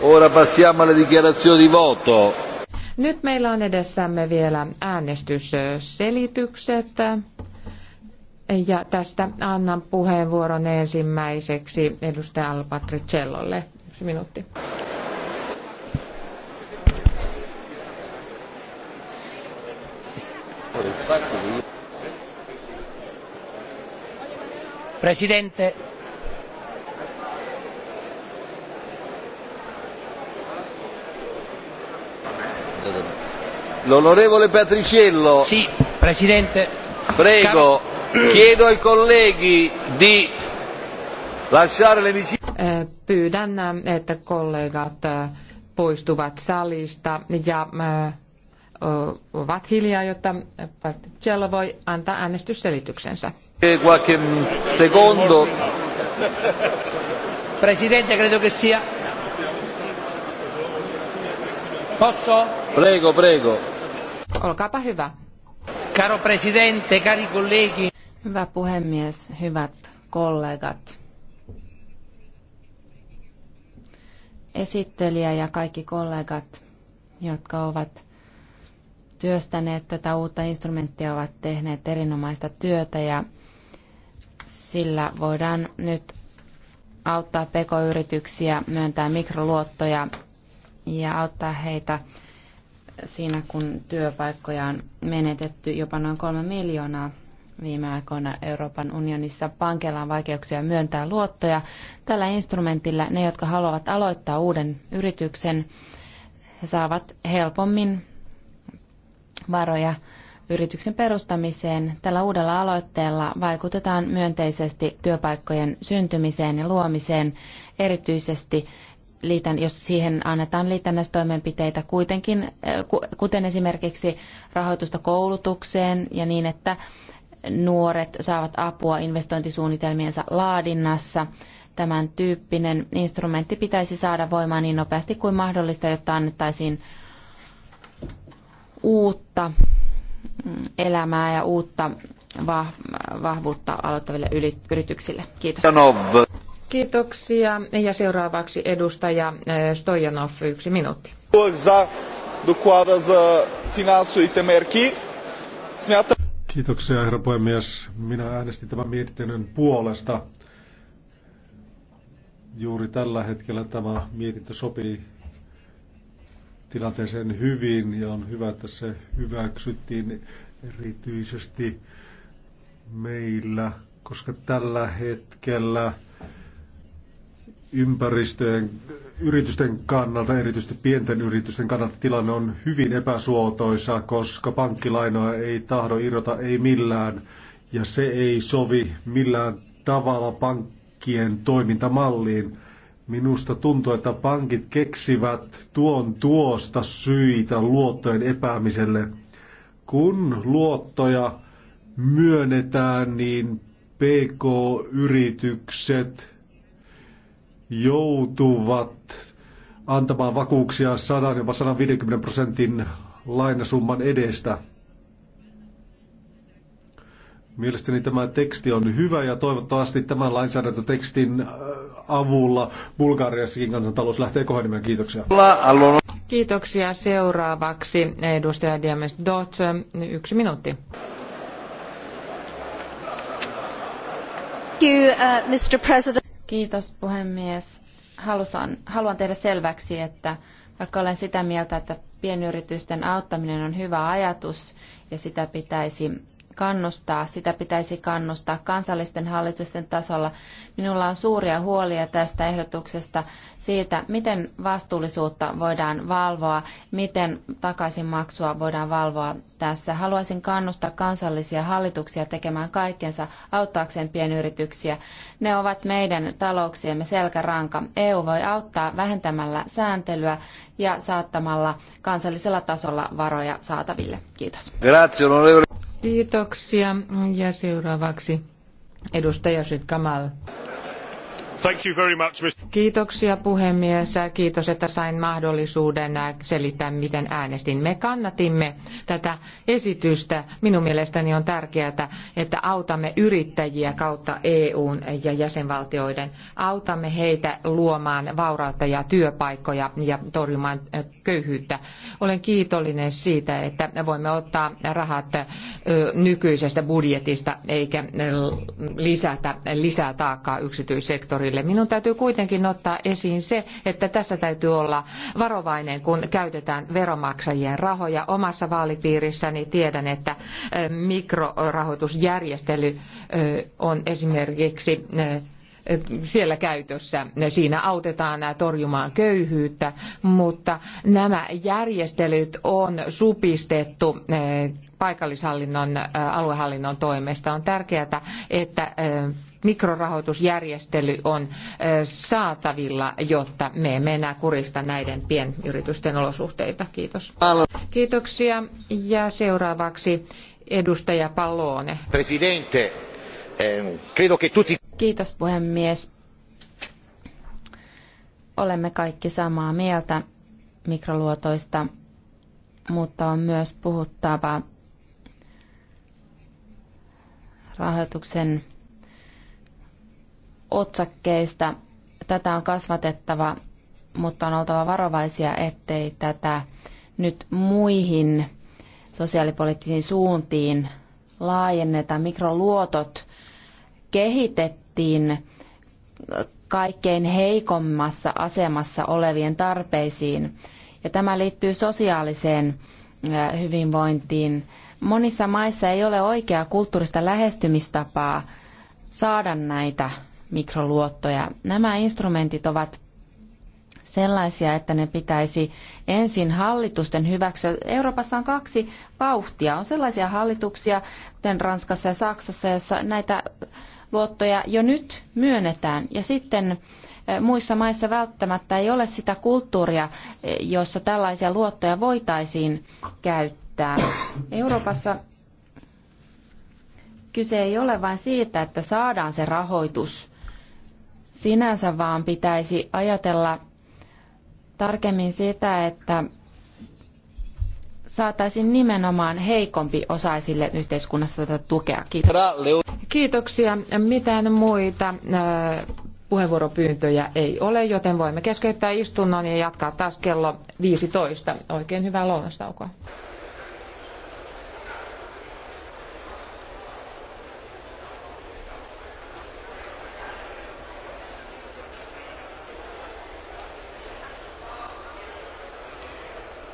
Ora passiamo alle dichiarazioni di voto. Nyt meillä on edessämme vielä äänestysselitykset. Ja tästä annan puheenvuoron ensimmäiseksi edustaja Alpatri Cellolle. Yksi minuutti. Presidente, L'onorevole Patriciello. Sì, Presidente. Prego, chiedo ai colleghi di lasciare l'emiciclo. Eh, pyydän, eh, että kollegat eh, poistuvat salista ja ovat hiljaa, jotta Patriciello voi antaa äänestysselityksensä. Qualche secondo. Presidente, credo che sia Posso? Prego, prego. Olkaapa hyvä. Caro presidente, cari colleghi. Hyvä puhemies, hyvät kollegat. Esittelijä ja kaikki kollegat, jotka ovat työstäneet tätä uutta instrumenttia, ovat tehneet erinomaista työtä ja sillä voidaan nyt auttaa pk-yrityksiä, myöntää mikroluottoja ja auttaa heitä siinä, kun työpaikkoja on menetetty jopa noin kolme miljoonaa viime aikoina Euroopan unionissa. Pankeilla on vaikeuksia myöntää luottoja. Tällä instrumentilla ne, jotka haluavat aloittaa uuden yrityksen, he saavat helpommin varoja yrityksen perustamiseen. Tällä uudella aloitteella vaikutetaan myönteisesti työpaikkojen syntymiseen ja luomiseen, erityisesti liitän, jos siihen annetaan liitännäistoimenpiteitä kuitenkin, eh, kuten esimerkiksi rahoitusta koulutukseen ja niin, että nuoret saavat apua investointisuunnitelmiensa laadinnassa. Tämän tyyppinen instrumentti pitäisi saada voimaan niin nopeasti kuin mahdollista, jotta annettaisiin uutta mm, elämää ja uutta vahvuutta aloittaville yrityksille. Kiitos. Kiitoksia. Ja seuraavaksi edustaja eh, Stojanov, yksi minuutti. Kiitoksia, herra puhemies. Minä äänestin tämän mietinnön puolesta. Juuri tällä hetkellä tämä mietintö sopii tilanteeseen hyvin ja on hyvä, että se hyväksyttiin erityisesti meillä, koska tällä hetkellä ympäristöjen yritysten kannalta, erityisesti pienten yritysten kannalta tilanne on hyvin epäsuotoisa, koska pankkilainoa ei tahdo irrota ei millään ja se ei sovi millään tavalla pankkien toimintamalliin. Minusta tuntuu, että pankit keksivät tuon tuosta syitä luottojen epäämiselle. Kun luottoja myönnetään, niin PK-yritykset – joutuvat antamaan vakuuksia 100 jopa 150 prosentin lainasumman edestä. Mielestäni tämä teksti on hyvä ja toivottavasti tämän lainsäädäntötekstin äh, avulla Bulgariassakin kansantalous lähtee kohenemaan. Kiitoksia. Kiitoksia. Seuraavaksi edustaja Diemes Dotz, yksi minuutti. Thank you, uh, Mr. President. Kiitos puhemies. Halusan, haluan tehdä selväksi, että vaikka olen sitä mieltä, että pienyritysten auttaminen on hyvä ajatus ja sitä pitäisi kannustaa, sitä pitäisi kannustaa kansallisten hallitusten tasolla. Minulla on suuria huolia tästä ehdotuksesta siitä, miten vastuullisuutta voidaan valvoa, miten takaisinmaksua voidaan valvoa tässä. Haluaisin kannustaa kansallisia hallituksia tekemään kaikkensa auttaakseen pienyrityksiä. Ne ovat meidän talouksiemme selkäranka. EU voi auttaa vähentämällä sääntelyä ja saattamalla kansallisella tasolla varoja saataville. Kiitos. Kiitoksia. Ja seuraavaksi edustaja Kamal. Kiitoksia puhemies. Kiitos, että sain mahdollisuuden selittää, miten äänestin. Me kannatimme tätä esitystä. Minun mielestäni on tärkeää, että autamme yrittäjiä kautta EUn ja jäsenvaltioiden. Autamme heitä luomaan vaurautta ja työpaikkoja ja torjumaan köyhyyttä. Olen kiitollinen siitä, että voimme ottaa rahat nykyisestä budjetista eikä lisätä lisää taakkaa yksityissektorille sektorille. Minun täytyy kuitenkin ottaa esiin se, että tässä täytyy olla varovainen, kun käytetään veromaksajien rahoja. Omassa vaalipiirissäni tiedän, että mikrorahoitusjärjestely on esimerkiksi siellä käytössä. Siinä autetaan torjumaan köyhyyttä, mutta nämä järjestelyt on supistettu paikallishallinnon, aluehallinnon toimesta. On tärkeää, että mikrorahoitusjärjestely on saatavilla, jotta me emme enää kurista näiden pienyritysten olosuhteita. Kiitos. Kiitoksia. Ja seuraavaksi edustaja Pallone. Presidente, eh, credo che tutti... Kiitos puhemies. Olemme kaikki samaa mieltä mikroluotoista, mutta on myös puhuttava rahoituksen otsakkeista. Tätä on kasvatettava, mutta on oltava varovaisia, ettei tätä nyt muihin sosiaalipoliittisiin suuntiin laajenneta. Mikroluotot kehitettiin kaikkein heikommassa asemassa olevien tarpeisiin. Ja tämä liittyy sosiaaliseen hyvinvointiin Monissa maissa ei ole oikeaa kulttuurista lähestymistapaa saada näitä mikroluottoja. Nämä instrumentit ovat sellaisia, että ne pitäisi ensin hallitusten hyväksyä. Euroopassa on kaksi vauhtia. On sellaisia hallituksia, kuten Ranskassa ja Saksassa, jossa näitä luottoja jo nyt myönnetään. Ja sitten eh, muissa maissa välttämättä ei ole sitä kulttuuria, eh, jossa tällaisia luottoja voitaisiin käyttää riittää. Euroopassa kyse ei ole vain siitä, että saadaan se rahoitus. Sinänsä vaan pitäisi ajatella tarkemmin sitä, että saataisiin nimenomaan heikompi osaisille yhteiskunnassa tätä tukea. Kiitos. Kiitoksia. Mitään muita puheenvuoropyyntöjä ei ole, joten voimme keskeyttää istunnon ja jatkaa taas kello 15. Oikein hyvää lounastaukoa.